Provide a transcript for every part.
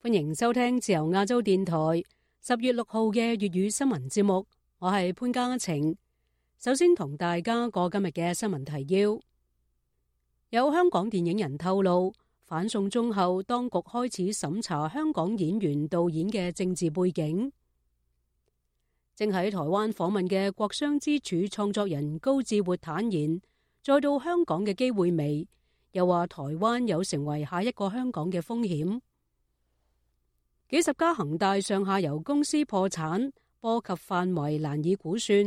歡迎收聽自由亞洲電台十月六號嘅粵語新聞節目。我係潘家晴，首先同大家過今日嘅新聞提要。有香港電影人透露，反送中後，當局開始審查香港演員導演嘅政治背景。正喺台灣訪問嘅國殤之柱創作人高志活坦言，再到香港嘅機會微，又話台灣有成為下一個香港嘅風險。幾十家恒大上下游公司破產，波及範圍難以估算。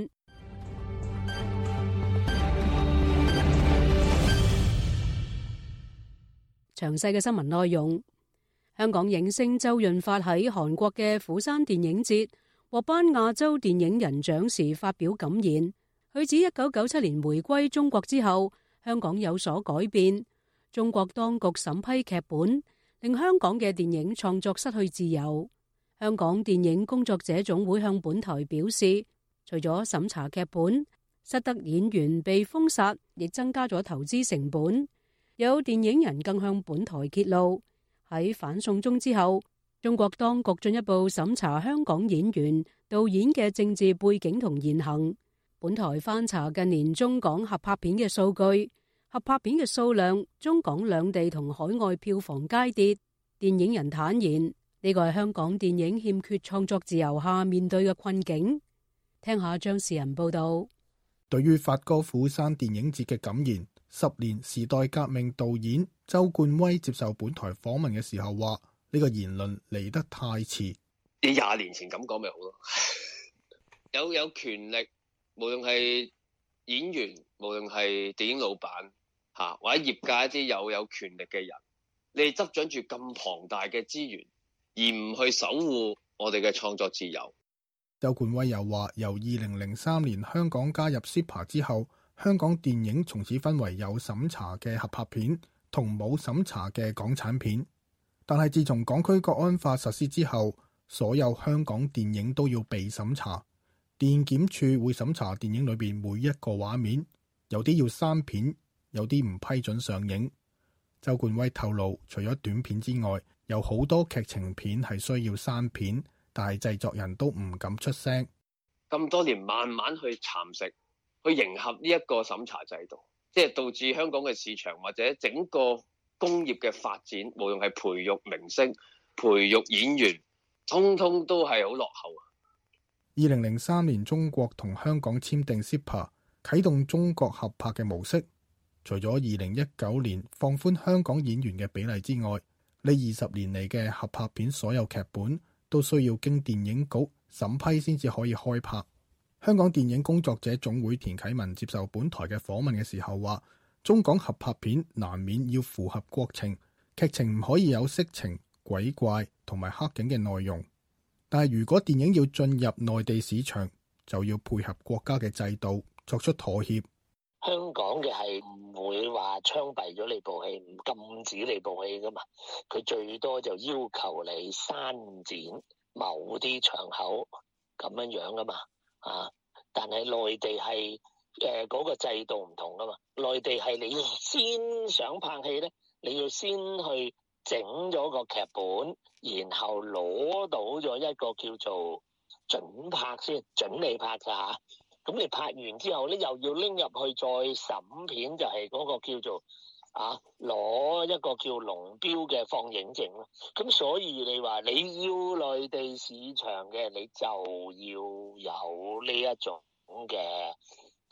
詳細嘅新聞內容。香港影星周潤發喺韓國嘅釜山電影節獲頒亞洲電影人獎時發表感言，佢指一九九七年回歸中國之後，香港有所改變，中國當局審批劇本。令香港嘅電影創作失去自由，香港電影工作者總會向本台表示，除咗審查劇本，失德演員被封殺，亦增加咗投資成本。有電影人更向本台揭露，喺反送中之後，中國當局進一步審查香港演員、導演嘅政治背景同言行。本台翻查近年中港合拍片嘅數據。合拍片嘅數量，中港兩地同海外票房皆跌。電影人坦言呢個係香港電影欠缺創作自由下面對嘅困境。聽下張士仁報道，對於發哥釜山電影節嘅感言，十年時代革命導演周冠威接受本台訪問嘅時候話：呢、這個言論嚟，得太遲，你廿年前咁講咪好咯？ 有有權力，無論係演員，無論係電影老闆。吓，或者業界一啲有有權力嘅人，你哋執掌住咁龐大嘅資源，而唔去守護我哋嘅創作自由。周冠威又話：由二零零三年香港加入 CEPA 之後，香港電影從此分為有審查嘅合拍片同冇審查嘅港產片。但係自從港區國安法實施之後，所有香港電影都要被審查，電檢處會審查電影裏邊每一個畫面，有啲要刪片。有啲唔批准上映。周冠威透露，除咗短片之外，有好多劇情片係需要刪片，但係製作人都唔敢出聲。咁多年，慢慢去蠶食，去迎合呢一個審查制度，即係導致香港嘅市場或者整個工業嘅發展，無論係培育明星、培育演員，通通都係好落後。二零零三年，中國同香港簽訂 CEPA，啟動中國合拍嘅模式。除咗二零一九年放寬香港演員嘅比例之外，呢二十年嚟嘅合拍片所有劇本都需要經電影局審批先至可以開拍。香港電影工作者總會田啟文接受本台嘅訪問嘅時候話，中港合拍片難免要符合國情，劇情唔可以有色情、鬼怪同埋黑警嘅內容。但係如果電影要進入內地市場，就要配合國家嘅制度，作出妥協。香港嘅係唔會話槍斃咗你部戲，唔禁止你部戲㗎嘛，佢最多就要求你刪剪某啲場口咁樣樣㗎嘛，啊！但係內地係誒嗰個制度唔同㗎嘛，內地係你先想拍戲咧，你要先去整咗個劇本，然後攞到咗一個叫做準拍先，準你拍㗎吓。咁你拍完之後咧，又要拎入去再審片，就係嗰個叫做啊攞一個叫龍標嘅放映證咯。咁所以你話你要內地市場嘅，你就要有呢一種嘅誒、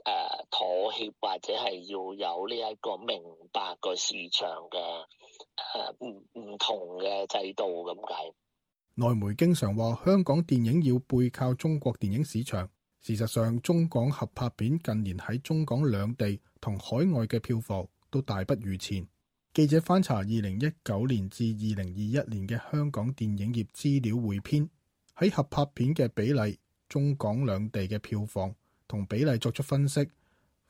呃、妥協，或者係要有呢一個明白個市場嘅誒唔唔同嘅制度咁解。內媒經常話香港電影要背靠中國電影市場。事實上，中港合拍片近年喺中港兩地同海外嘅票房都大不如前。記者翻查二零一九年至二零二一年嘅香港電影業資料彙編，喺合拍片嘅比例、中港兩地嘅票房同比例作出分析，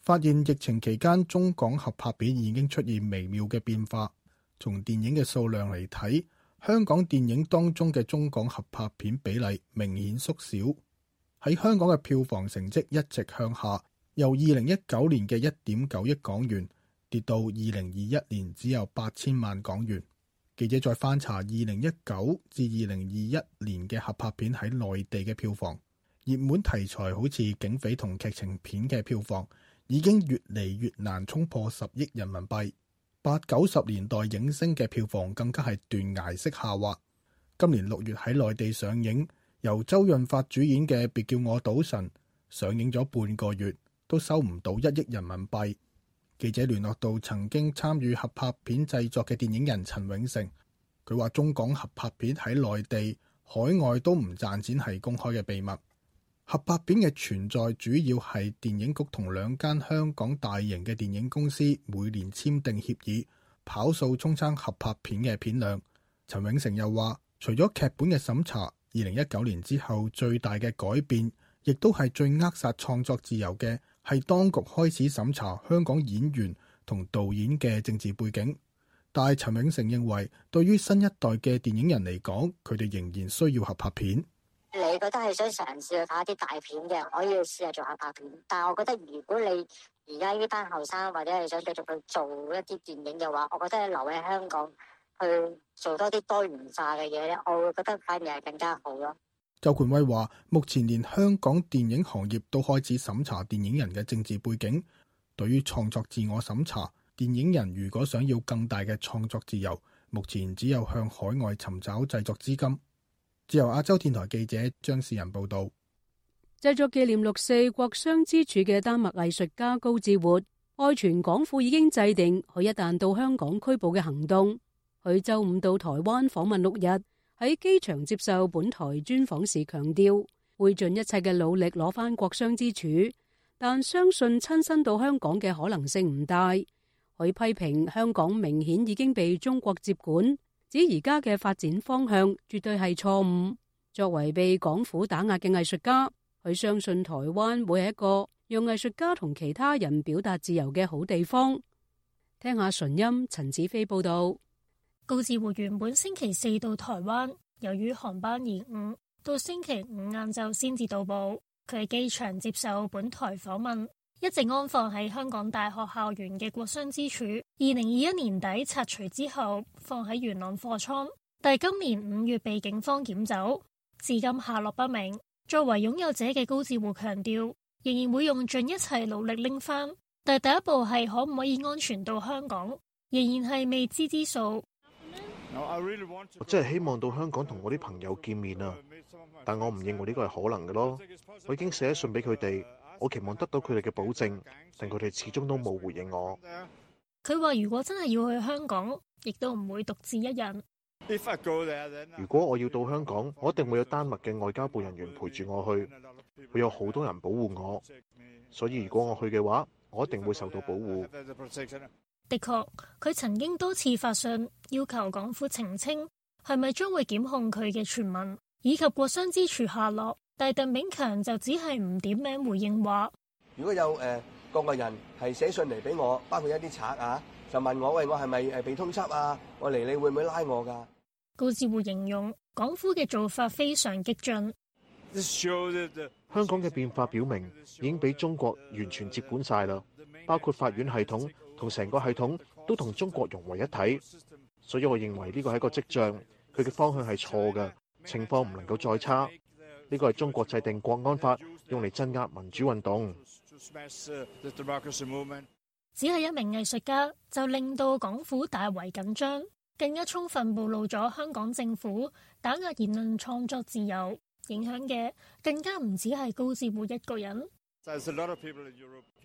發現疫情期間中港合拍片已經出現微妙嘅變化。從電影嘅數量嚟睇，香港電影當中嘅中港合拍片比例明顯縮小。喺香港嘅票房成績一直向下，由二零一九年嘅一點九億港元跌到二零二一年只有八千萬港元。記者再翻查二零一九至二零二一年嘅合拍片喺內地嘅票房，熱門題材好似警匪同劇情片嘅票房已經越嚟越難衝破十億人民幣，八九十年代影星嘅票房更加係斷崖式下滑。今年六月喺內地上映。由周潤發主演嘅《別叫我賭神》上映咗半個月都收唔到一億人民幣。記者聯絡到曾經參與合拍片製作嘅電影人陳永成，佢話中港合拍片喺內地、海外都唔賺錢係公開嘅秘密。合拍片嘅存在主要係電影局同兩間香港大型嘅電影公司每年簽訂協議，跑數充撐合拍片嘅片量。陳永成又話，除咗劇本嘅審查。二零一九年之後最大嘅改變，亦都係最扼殺創作自由嘅，係當局開始審查香港演員同導演嘅政治背景。但係陳永成認為，對於新一代嘅電影人嚟講，佢哋仍然需要合拍片。你覺得係想嘗試去拍一啲大片嘅，可以去試下做合拍片。但係我覺得，如果你而家呢班後生或者係想繼續去做一啲電影嘅話，我覺得留喺香港。去做多啲多元化嘅嘢咧，我會覺得反而係更加好咯。周冠威話：，目前連香港電影行業都開始審查電影人嘅政治背景，對於創作自我審查電影人，如果想要更大嘅創作自由，目前只有向海外尋找製作資金。自由亞洲電台記者張士仁報道：，製作紀念六四國殤之柱嘅丹麥藝術家高志活，愛全港府已經制定佢一旦到香港拘捕嘅行動。佢周五到台灣訪問六日，喺機場接受本台專訪時強調，會盡一切嘅努力攞返國殤之柱，但相信親身到香港嘅可能性唔大。佢批評香港明顯已經被中國接管，指而家嘅發展方向絕對係錯誤。作為被港府打壓嘅藝術家，佢相信台灣會係一個讓藝術家同其他人表達自由嘅好地方。聽下純音陳子菲報道。高志活原本星期四到台灣，由於航班延誤，到星期五晏晝先至到埗，佢喺機場接受本台訪問，一直安放喺香港大學校園嘅國殤之柱。二零二一年底拆除之後，放喺元朗貨倉，但係今年五月被警方檢走，至今下落不明。作為擁有者嘅高志活強調，仍然會用盡一切努力拎翻，但係第一步係可唔可以安全到香港，仍然係未知之數。我真係希望到香港同我啲朋友見面啊！但我唔認為呢個係可能嘅咯。我已經寫信俾佢哋，我期望得到佢哋嘅保證，但佢哋始終都冇回應我。佢話如果真係要去香港，亦都唔會獨自一人。如果我要到香港，我一定會有丹麥嘅外交部人員陪住我去，會有好多人保護我。所以如果我去嘅話，我一定會受到保護。的確，佢曾經多次發信要求港府澄清係咪將會檢控佢嘅傳聞，以及國殤之柱下落。但鄧炳強就只係唔點名回應話，如果有誒，呃、各個人係寫信嚟俾我，包括一啲賊啊，就問我喂，我係咪誒被通緝啊？我嚟你會唔會拉我噶？高志活形容港府嘅做法非常激進。香港嘅變化表明已經俾中國完全接管晒啦，包括法院系統。同成個系統都同中國融為一體，所以我認為呢個係一個跡象，佢嘅方向係錯嘅，情況唔能夠再差。呢個係中國制定國安法用嚟鎮壓民主運動。只係一名藝術家就令到港府大為緊張，更加充分暴露咗香港政府打壓言論創作自由影響嘅，更加唔止係高志活一個人。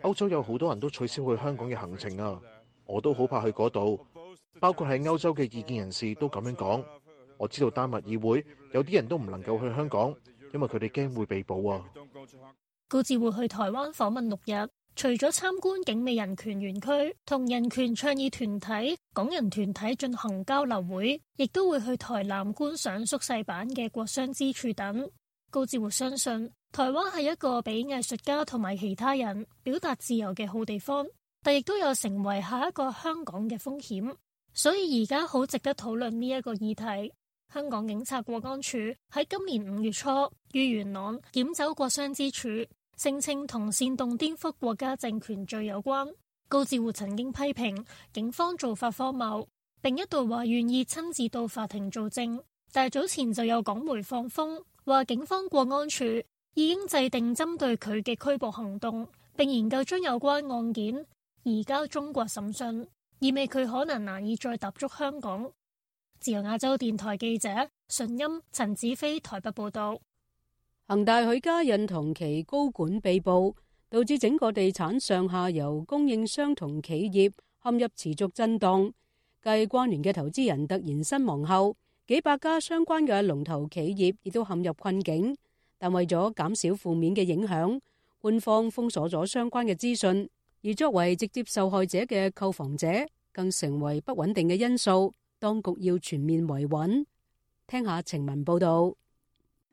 歐洲有好多人都取消去香港嘅行程啊！我都好怕去嗰度，包括喺歐洲嘅意見人士都咁樣講。我知道丹麥議會有啲人都唔能夠去香港，因為佢哋驚會被捕啊。高志活去台灣訪問六日，除咗參觀景美人權園區，同人權倡議團體、港人團體進行交流會，亦都會去台南觀賞縮細版嘅國殤之柱等。高志活相信。台灣係一個俾藝術家同埋其他人表達自由嘅好地方，但亦都有成為下一個香港嘅風險，所以而家好值得討論呢一個議題。香港警察國安處喺今年五月初，於元朗檢走國殤之柱，聲稱同煽動顛覆國家政權罪有關。高志活曾經批評警方做法荒謬，並一度話願意親自到法庭做證，但係早前就有港媒放風話警方國安處已經制定針對佢嘅拘捕行動，並研究將有關案件移交中國審訊，意味佢可能難以再踏足香港。自由亞洲電台記者順音陳子飛台北報道。恒大許家印同其高管被捕，導致整個地產上下游供應商同企業陷入持續震盪。繼關聯嘅投資人突然身亡後，幾百家相關嘅龍頭企業亦都陷入困境。但為咗減少負面嘅影響，官方封鎖咗相關嘅資訊，而作為直接受害者嘅購房者更成為不穩定嘅因素。當局要全面維穩，聽下程文報道。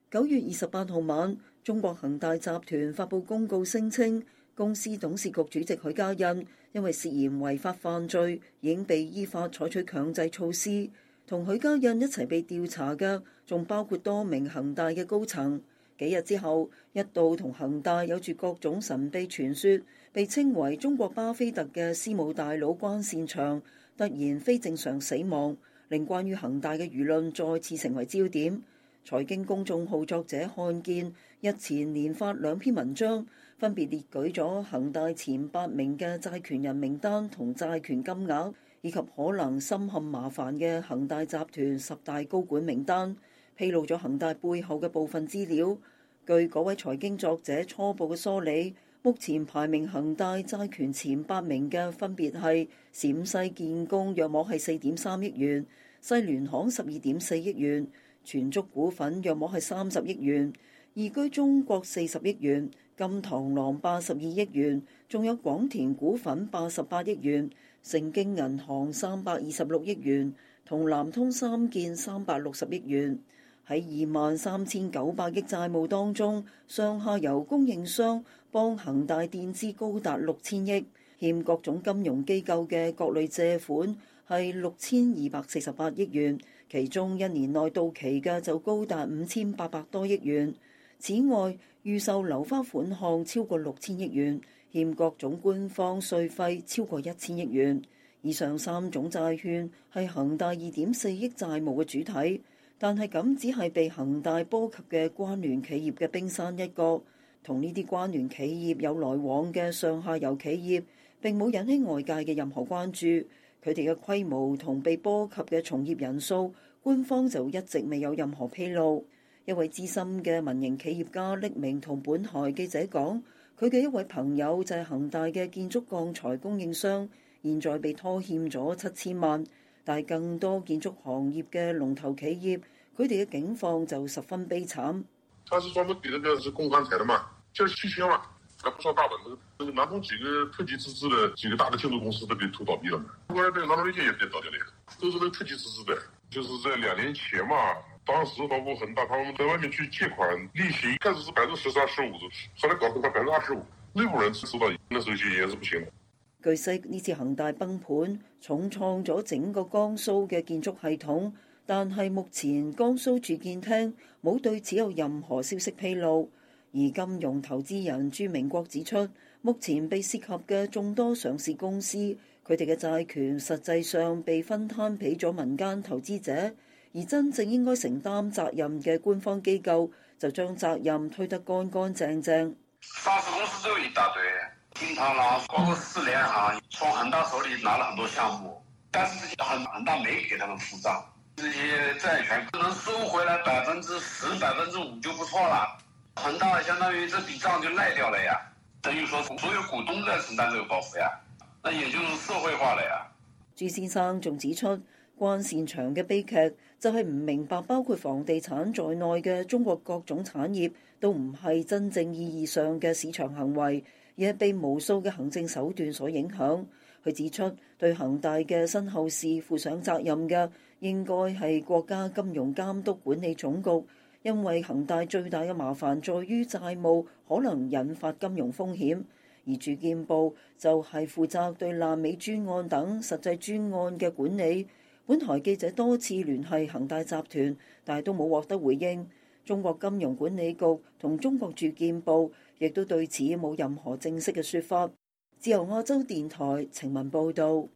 九月二十八號晚，中國恒大集團發布公告，聲稱公司董事局主席許家印因為涉嫌違法犯罪，已經被依法採取強制措施。同許家印一齊被調查嘅，仲包括多名恒大嘅高層。幾日之後，一度同恒大有住各種神秘傳說、被稱為中國巴菲特嘅私募大佬關善祥突然非正常死亡，令關於恒大嘅輿論再次成為焦點。財經公眾號作者看見，日前連發兩篇文章，分別列舉咗恒大前八名嘅債權人名單同債權金額，以及可能深陷麻煩嘅恒大集團十大高管名單，披露咗恒大背後嘅部分資料。據嗰位財經作者初步嘅梳理，目前排名恒大債權前八名嘅分別係陝西建工約莫係四點三億元，世聯行十二點四億元，全足股份約莫係三十億元，宜居中國四十億元，金螳螂八十二億元，仲有廣田股份八十八億元，盛京銀行三百二十六億元，同南通三建三百六十億元。喺二萬三千九百億債務當中，上下游供應商幫恒大墊資高達六千億；欠各種金融機構嘅各類借款係六千二百四十八億元，其中一年內到期嘅就高達五千八百多億元。此外，預售樓花款項超過六千億元，欠各種官方稅費超過一千億元。以上三種債券係恒大二點四億債務嘅主體。但係咁只係被恒大波及嘅關聯企業嘅冰山一角，同呢啲關聯企業有來往嘅上下游企業並冇引起外界嘅任何關注。佢哋嘅規模同被波及嘅從業人數，官方就一直未有任何披露。一位資深嘅民營企業家匿名同本台記者講，佢嘅一位朋友就係恒大嘅建築鋼材供應商，現在被拖欠咗七千萬。但係更多建築行業嘅龍頭企業，佢哋嘅境況就十分悲慘。他是專門舉得嚟做工安企的嘛，即係七千萬，還不算大的。那個、那個南通幾個特級資質的幾個大的建築公司都俾拖倒閉咗，不都是那個特級資質的，就是在兩年前嘛，當時包括恒大，他們在外面去借款，利息一開始是百分之十三、十五，後來搞到快百分之二十五，內部人知道，那時候已經是不行了。據悉，呢次恒大崩盤重創咗整個江蘇嘅建築系統，但係目前江蘇住建廳冇對此有任何消息披露。而金融投資人朱明國指出，目前被涉及嘅眾多上市公司，佢哋嘅債權實際上被分攤俾咗民間投資者，而真正應該承擔責任嘅官方機構就將責任推得乾乾淨淨。上市公司都有一大堆。經常啦，包括四聯行從恒大手裏拿了很多項目，但是這些很恒大沒給他們付賬，這些債權可能收回來百分之十、百分之五就不錯啦。恒大相當於這筆賬就賴掉了呀，等於說所有股東在承擔這個包袱呀。那也就是社會化了呀。朱先生仲指出，關善長嘅悲劇就係唔明白，包括房地產在內嘅中國各種產業都唔係真正意義上嘅市場行為。也被無數嘅行政手段所影響。佢指出，對恒大嘅身後事負上責任嘅，應該係國家金融監督管理總局，因為恒大最大嘅麻煩在於債務可能引發金融風險。而住建部就係負責對爛尾專案等實際專案嘅管理。本台記者多次聯繫恒大集團，但都冇獲得回應。中國金融管理局同中國住建部，亦都對此冇任何正式嘅説法。自由亞洲電台晴文報道：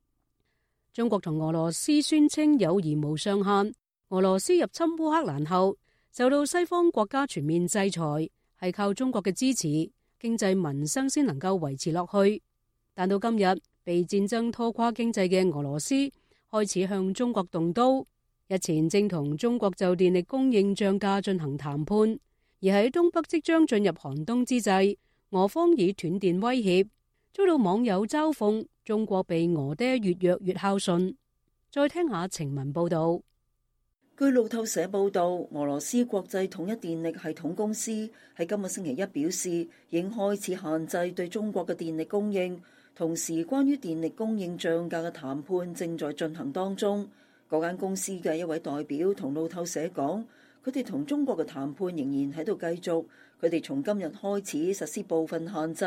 中國同俄羅斯宣稱友誼無上限。俄羅斯入侵烏克蘭後，受到西方國家全面制裁，係靠中國嘅支持，經濟民生先能夠維持落去。但到今日，被戰爭拖垮經濟嘅俄羅斯開始向中國動刀。日前正同中國就電力供應漲價進行談判。而喺東北即將進入寒冬之際，俄方以斷電威脅，遭到網友嘲諷。中國被俄爹越約越孝順。再聽下情文報道。據路透社報道，俄羅斯國際統一電力系統公司喺今日星期一表示，已經開始限制對中國嘅電力供應。同時，關於電力供應漲價嘅談判正在進行當中。嗰間公司嘅一位代表同路透社講。佢哋同中國嘅談判仍然喺度繼續。佢哋從今日開始實施部分限制。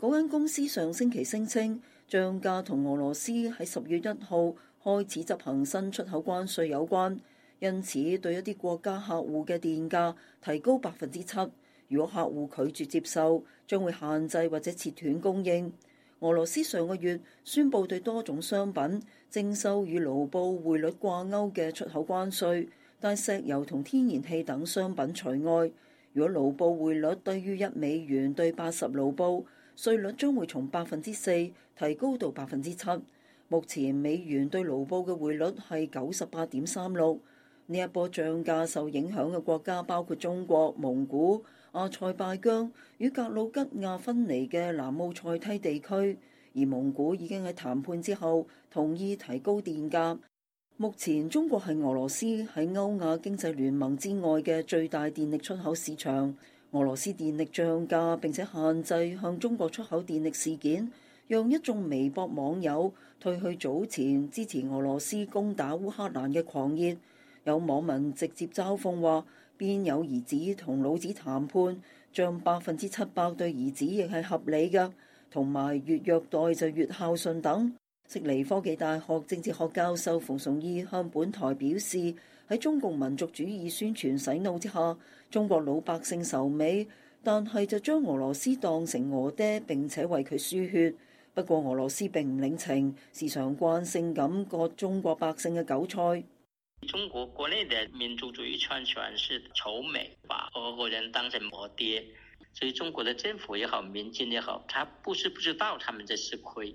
嗰間公司上星期聲稱，漲價同俄羅斯喺十月一號開始執行新出口關稅有關，因此對一啲國家客戶嘅電價提高百分之七。如果客戶拒絕接受，將會限制或者切斷供應。俄羅斯上個月宣布對多種商品徵收與盧布匯率掛鉤嘅出口關稅。但石油同天然氣等商品除外，如果盧布匯率低於一美元兌八十盧布，稅率將會從百分之四提高到百分之七。目前美元對盧布嘅匯率係九十八點三六。呢一波漲價受影響嘅國家包括中國、蒙古、阿塞拜疆與格魯吉亞分離嘅南奧塞梯地區，而蒙古已經喺談判之後同意提高電價。目前中國係俄羅斯喺歐亞經濟聯盟之外嘅最大電力出口市場。俄羅斯電力漲價並且限制向中國出口電力事件，讓一眾微博網友退去早前支持俄羅斯攻打烏克蘭嘅狂熱。有網民直接嘲諷話：邊有兒子同老子談判，將百分之七百對兒子亦係合理㗎，同埋越虐待就越孝順等。悉尼科技大學政治學教授馮崇義向本台表示：喺中共民族主義宣傳洗腦之下，中國老百姓仇美，但係就將俄羅斯當成我爹並且為佢輸血。不過俄羅斯並唔領情，時常慣性咁割中國百姓嘅韭菜。中國國內的民族主義宣傳,傳是仇美，把俄國人當成我爹，所以中國的政府也好，民間也好，他不是不知道他們在吃虧。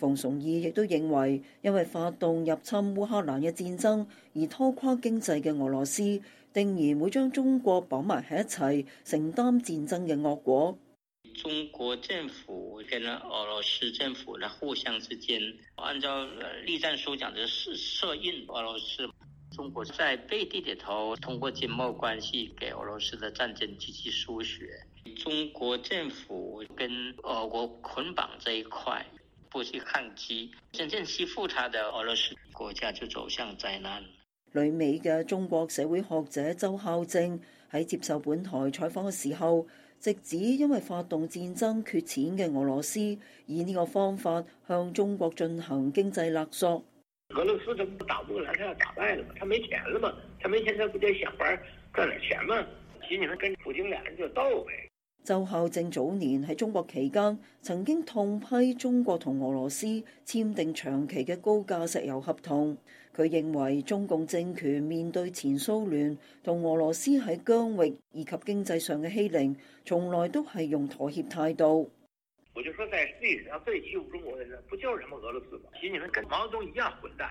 馮崇義亦都認為，因為發動入侵烏克蘭嘅戰爭而拖垮經濟嘅俄羅斯，定然會將中國綁埋喺一齊，承擔戰爭嘅惡果。中國政府跟俄羅斯政府咧，互相之間，按照栗戰書講嘅是印俄羅斯。中國在背地裏頭通過經貿關係，給俄羅斯的戰爭積極輸血。中國政府跟俄國捆綁這一塊。不去抗擊真正欺負他的俄羅斯國家就走向災難。旅美嘅中國社會學者周孝正喺接受本台採訪嘅時候，直指因為發動戰爭缺錢嘅俄羅斯，以呢個方法向中國進行經濟勒索。俄羅斯他不打過來，他要打敗了嘛，他沒錢了嘛，他沒錢，他不得想法賺點錢嘛。嗎？其實跟普京兩人就鬥唄。周孝正早年喺中國期間，曾經痛批中國同俄羅斯簽訂長期嘅高價石油合同。佢認為中共政權面對前蘇聯同俄羅斯喺疆域以及經濟上嘅欺凌，從來都係用妥協態度。我就說在，在世界上最欺負中國的人，不就什麼俄羅斯嗎？其實你們跟毛澤東一樣混蛋。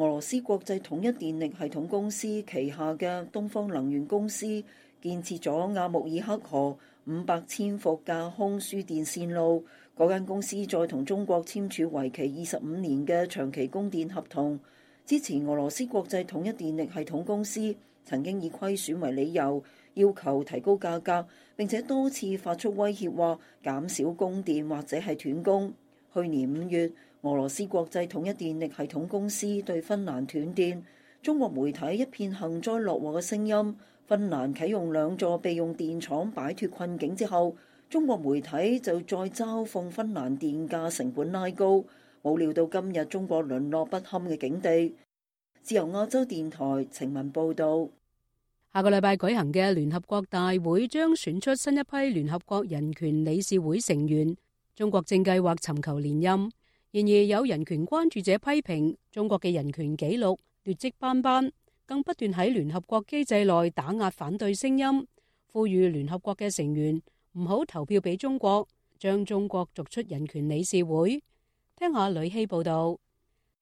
俄羅斯國際統一電力系統公司旗下嘅東方能源公司建設咗阿穆爾克河五百千伏架空輸電線路。嗰間公司再同中國簽署為期二十五年嘅長期供電合同。之前俄羅斯國際統一電力系統公司曾經以虧損為理由要求提高價格，並且多次發出威脅，話減少供電或者係斷供。去年五月。俄羅斯國際統一電力系統公司對芬蘭斷電，中國媒體一片幸災樂禍嘅聲音。芬蘭啟用兩座備用電廠擺脫困境之後，中國媒體就再嘲諷芬蘭電價成本拉高，冇料到今日中國淪落不堪嘅境地。自由亞洲電台情文報道，下個禮拜舉行嘅聯合國大會將選出新一批聯合國人權理事會成員，中國正計劃尋求連任。然而，有人權關注者批評中國嘅人權紀錄劣跡斑斑，更不斷喺聯合國機制內打壓反對聲音，呼籲聯合國嘅成員唔好投票俾中國，將中國逐出人權理事會。聽下呂希報道，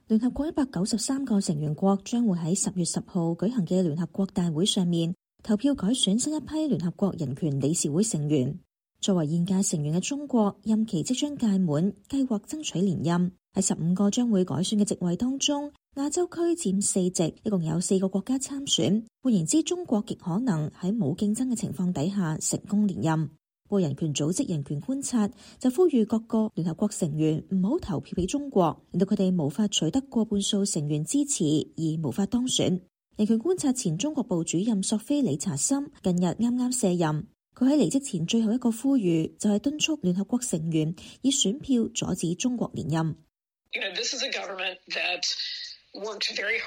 聯合國一百九十三個成員國將會喺十月十號舉行嘅聯合國大會上面投票改選新一批聯合國人權理事會成員。作為現屆成員嘅中國任期即將屆滿，計劃爭取連任。喺十五個將會改選嘅席位當中，亞洲區佔四席，一共有四個國家參選。換言之，中國極可能喺冇競爭嘅情況底下成功連任。個人權組織人權觀察就呼籲各個聯合國成員唔好投票俾中國，令到佢哋無法取得過半數成員支持而無法當選。人權觀察前中國部主任索菲理查森近日啱啱卸任。佢喺離職前最後一個呼籲，就係敦促聯合國成員以選票阻止中國連任。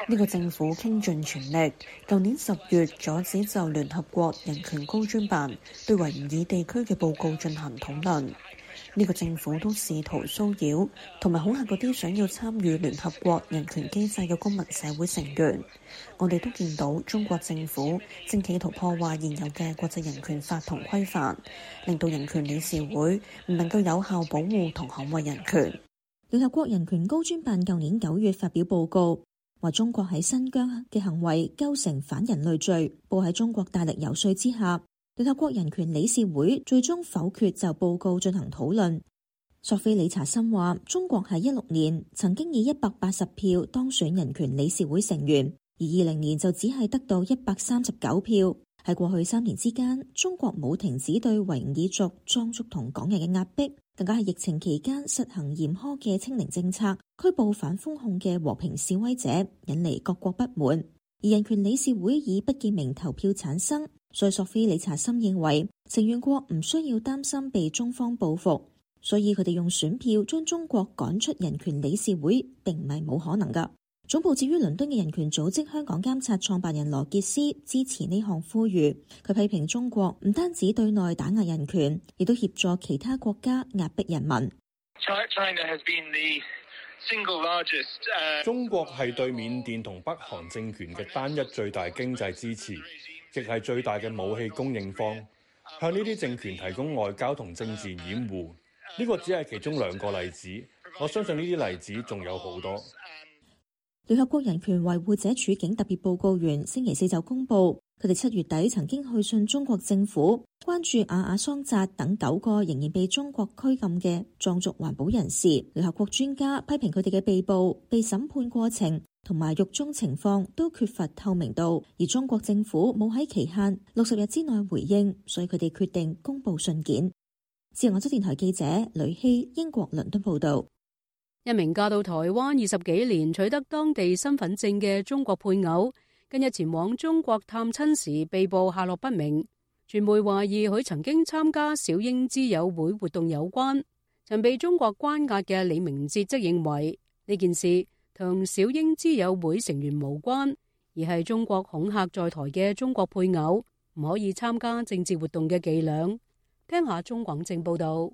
呢個政府傾盡全力，舊年十月阻止就聯合國人權高專辦對維吾爾地區嘅報告進行討論。呢個政府都試圖騷擾同埋恐嚇嗰啲想要參與聯合國人權機制嘅公民社會成員。我哋都見到中國政府正企圖破壞現有嘅國際人權法同規範，令到人權理事會唔能夠有效保護同捍衞人權。聯合國人權高專辦舊年九月發表報告，話中國喺新疆嘅行為構成反人類罪。報喺中國大力游說之下，聯合國人權理事會最終否決就報告進行討論。索菲理查森話：中國喺一六年曾經以一百八十票當選人權理事會成員，而二零年就只係得到一百三十九票。喺過去三年之間，中國冇停止對維吾爾族、藏族同港人嘅壓迫，更加係疫情期間實行嚴苛嘅清零政策，拘捕反封控嘅和平示威者，引嚟各國不滿。而人權理事會以不記名投票產生。所以索菲·理查森認為成員國唔需要擔心被中方報復，所以佢哋用選票將中國趕出人權理事會，並唔係冇可能噶。總部置於倫敦嘅人權組織香港監察創辦人羅傑斯支持呢項呼籲，佢批評中國唔單止對內打壓人權，亦都協助其他國家壓迫人民。中國係對緬甸同北韓政權嘅單一最大經濟支持。亦係最大嘅武器供應方，向呢啲政權提供外交同政治掩護。呢、呢個只係其中兩個例子，我相信呢啲例子仲有好多。聯合國人權維護者處境特別報告員星期四就公布，佢哋七月底曾經去信中國政府，關注亞亞桑扎等九個仍然被中國拘禁嘅藏族環保人士。聯合國專家批評佢哋嘅被捕、被審判過程。同埋獄中情況都缺乏透明度，而中國政府冇喺期限六十日之內回應，所以佢哋決定公布信件。自由亞洲電台記者雷希英國倫敦報道：一名嫁到台灣二十幾年、取得當地身份證嘅中國配偶，近日前往中國探親時被捕，下落不明。傳媒懷疑佢曾經參加小英之友會活動有關。曾被中國關押嘅李明哲則認為呢件事，同小英之友會成員無關，而係中國恐嚇在台嘅中國配偶唔可以參加政治活動嘅伎倆。聽下鍾廣正報道。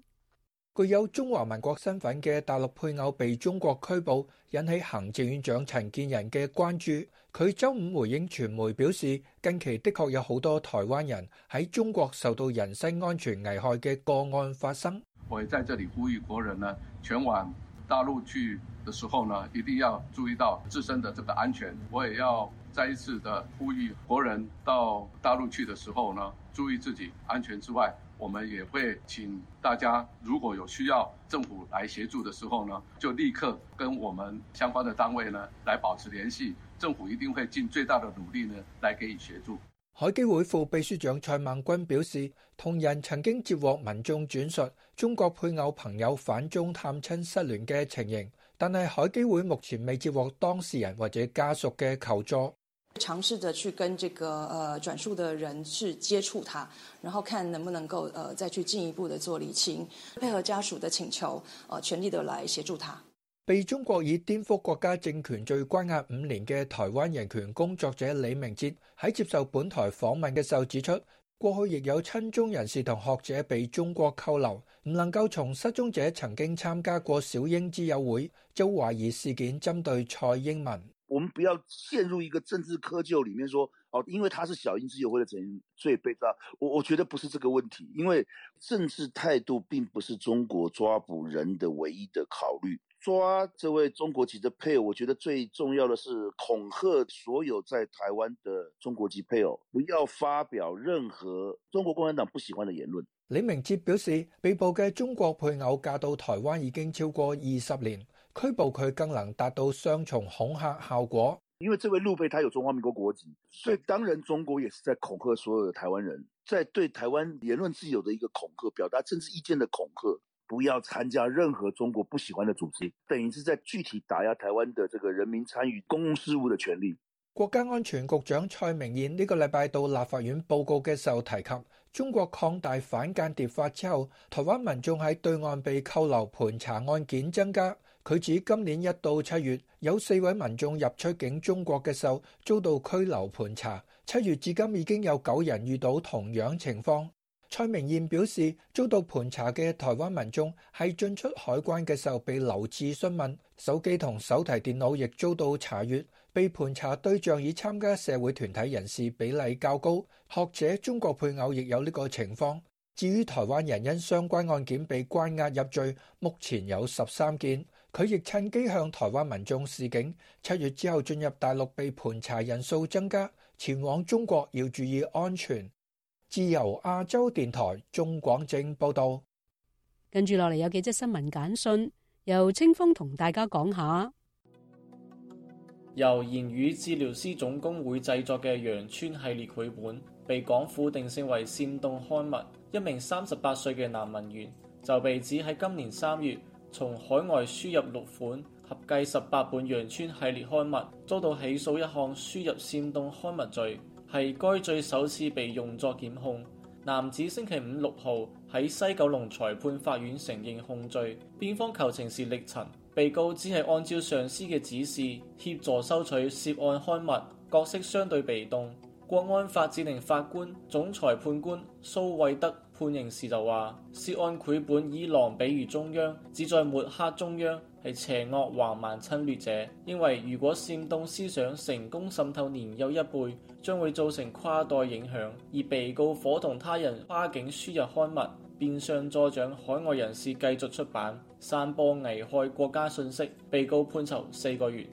具有中華民國身份嘅大陸配偶被中國拘捕，引起行政院長陳建仁嘅關注。佢周五回應傳媒表示，近期的確有好多台灣人喺中國受到人身安全危害嘅個案發生。我也在這裡呼籲國人呢，全網，大陸去的時候呢，一定要注意到自身的這個安全。我也要再一次的呼籲國人到大陸去的時候呢，注意自己安全之外，我們也會請大家如果有需要政府來協助的時候呢，就立刻跟我們相關的單位呢來保持聯繫。政府一定會盡最大的努力呢來給予協助。海基會副秘書長蔡孟君表示，同仁曾經接獲民眾轉述中國配偶朋友返中探親失聯嘅情形，但係海基會目前未接獲當事人或者家屬嘅求助。嘗試着去跟這個呃轉述的人去接觸他，然後看能不能夠呃再去進一步的做釐清，配合家屬的請求，呃全力的來協助他。被中國以顛覆國家政權罪關押五年嘅台灣人權工作者李明哲喺接受本台訪問嘅時候指出，過去亦有親中人士同學者被中國扣留，唔能夠從失蹤者曾經參加過小英之友會，就懷疑事件針對蔡英文。我們不要陷入一個政治窠臼裏面說，說、啊、哦，因為他是小英之友會嘅成員，所以被抓。我我覺得不是這個問題，因為政治態度並不是中國抓捕人的唯一的考慮。抓這位中國籍的配偶，我覺得最重要的是恐嚇所有在台灣的中國籍配偶，不要發表任何中國共產黨不喜歡的言論。李明哲表示，被捕嘅中國配偶嫁到台灣已經超過二十年，拘捕佢更能達到雙重恐嚇效果。因為這位陸配他有中華民國國籍，所以當然中國也是在恐嚇所有的台灣人，在對台灣言論自由的一個恐嚇，表達政治意見的恐嚇，不要參加任何中國不喜歡的組織，等於是在具體打壓台灣的這個人民參與公共事務的權利。國家安全局長蔡明彥呢個禮拜到立法院報告嘅時候提及，中國擴大反間諜法之後，台灣民眾喺對岸被扣留盤查案件增加。佢指今年一到七月有四位民眾入出境中國嘅時候遭到拘留盤查，七月至今已經有九人遇到同樣情況。蔡明彥表示，遭到盤查嘅台灣民眾喺進出海關嘅時候被留置詢問，手機同手提電腦亦遭到查閱。被盤查對象以參加社會團體人士比例較高，學者、中國配偶亦有呢個情況，至於台灣人因相關案件被關押入罪，目前有十三件。佢亦趁機向台灣民眾示警：七月之後進入大陸被盤查人數增加，前往中國要注意安全。自由亞洲電台鍾廣正報道，跟住落嚟有幾則新聞簡訊，由清風同大家講下。由言語治療師總工會製作嘅《羊村》系列繪本被港府定性為煽動刊物，一名三十八歲嘅男文員就被指喺今年三月從海外輸入六款合計十八本《羊村》系列刊物，遭到起訴一項輸入煽動刊物罪。係該罪首次被用作檢控。男子星期五六號喺西九龍裁判法院承認控罪，辯方求情時力陳被告只係按照上司嘅指示協助收取涉案刊物，角色相對被動。國安法指令法官總裁判官蘇惠德判刑時就話，涉案繪本以狼比喻中央，旨在抹黑中央，係邪惡橫蠻侵略者，因為如果煽動思想成功滲透年幼一輩，將會造成跨代影響。而被告伙同他人跨境輸入刊物，變相助長海外人士繼續出版、散播危害國家信息。被告判囚四個月。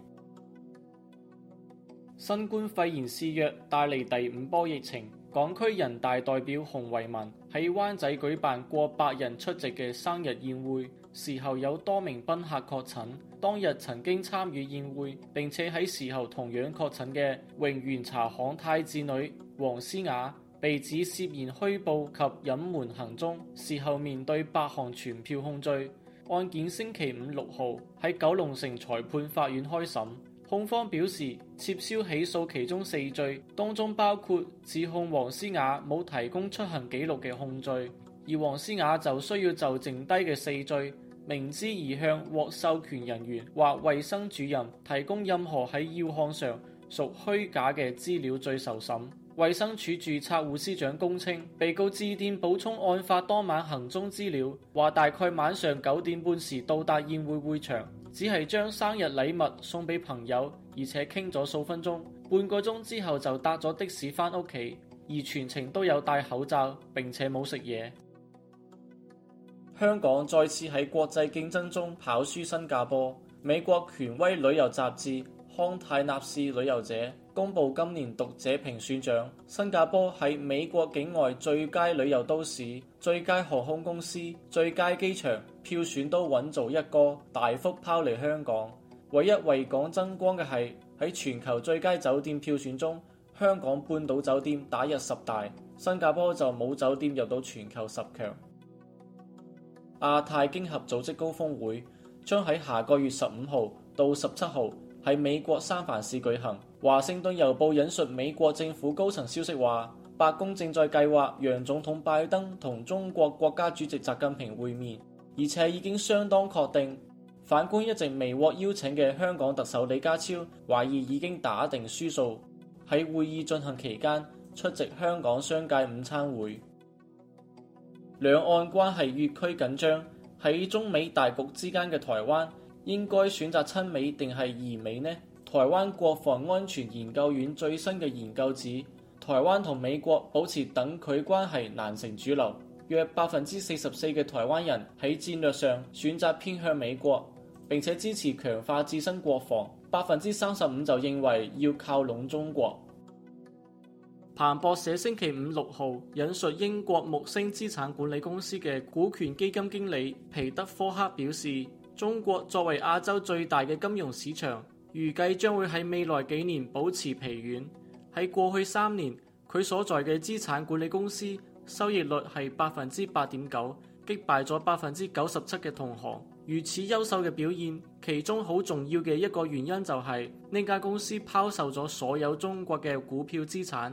新冠肺炎肆虐帶嚟第五波疫情，港區人大代表洪為民喺灣仔舉辦過百人出席嘅生日宴會。事後有多名賓客確診，當日曾經參與宴會，並且喺事後同樣確診嘅榮源茶行太子女黃思雅被指涉嫌虛報及隱瞞行蹤，事後面對八項傳票控罪，案件星期五六號喺九龍城裁判法院開審，控方表示撤銷起訴其中四罪，當中包括指控黃思雅冇提供出行記錄嘅控罪，而黃思雅就需要就剩低嘅四罪，明知而向獲授權人員或衛生主任提供任何喺要項上屬虛假嘅資料，罪受審。衛生署註冊護士長公稱被告致電補充案發當晚行蹤資料，話大概晚上九點半時到達宴會會場，只係將生日禮物送俾朋友，而且傾咗數分鐘，半個鐘之後就搭咗的士翻屋企，而全程都有戴口罩，並且冇食嘢。香港再次喺國際競爭中跑輸新加坡。美國權威旅遊雜誌康泰納仕旅遊者公佈今年讀者評選獎，新加坡喺美國境外最佳旅遊都市、最佳航空公司、最佳機場票選都穩做一哥，大幅拋離香港。唯一為港爭光嘅係喺全球最佳酒店票選中，香港半島酒店打入十大，新加坡就冇酒店入到全球十強。亞太經合組織高峰會將喺下個月十五號到十七號喺美國三藩市舉行。華盛頓郵報引述美國政府高層消息話，白宮正在計劃讓總統拜登同中國國家主席習近平會面，而且已經相當確定。反觀一直未獲邀請嘅香港特首李家超，懷疑已經打定輸數，喺會議進行期間出席香港商界午餐會。兩岸關係越趨緊張，喺中美大局之間嘅台灣，應該選擇親美定係疑美呢？台灣國防安全研究院最新嘅研究指，台灣同美國保持等距關係難成主流，約百分之四十四嘅台灣人喺戰略上選擇偏向美國，並且支持強化自身國防，百分之三十五就認為要靠攏中國。彭博社星期五六號引述英國木星資產管理公司嘅股權基金經理皮德科克表示，中國作為亞洲最大嘅金融市場，預計將會喺未來幾年保持疲軟。喺過去三年，佢所在嘅資產管理公司收益率係百分之八點九，擊敗咗百分之九十七嘅同行。如此優秀嘅表現，其中好重要嘅一個原因就係呢間公司拋售咗所有中國嘅股票資產。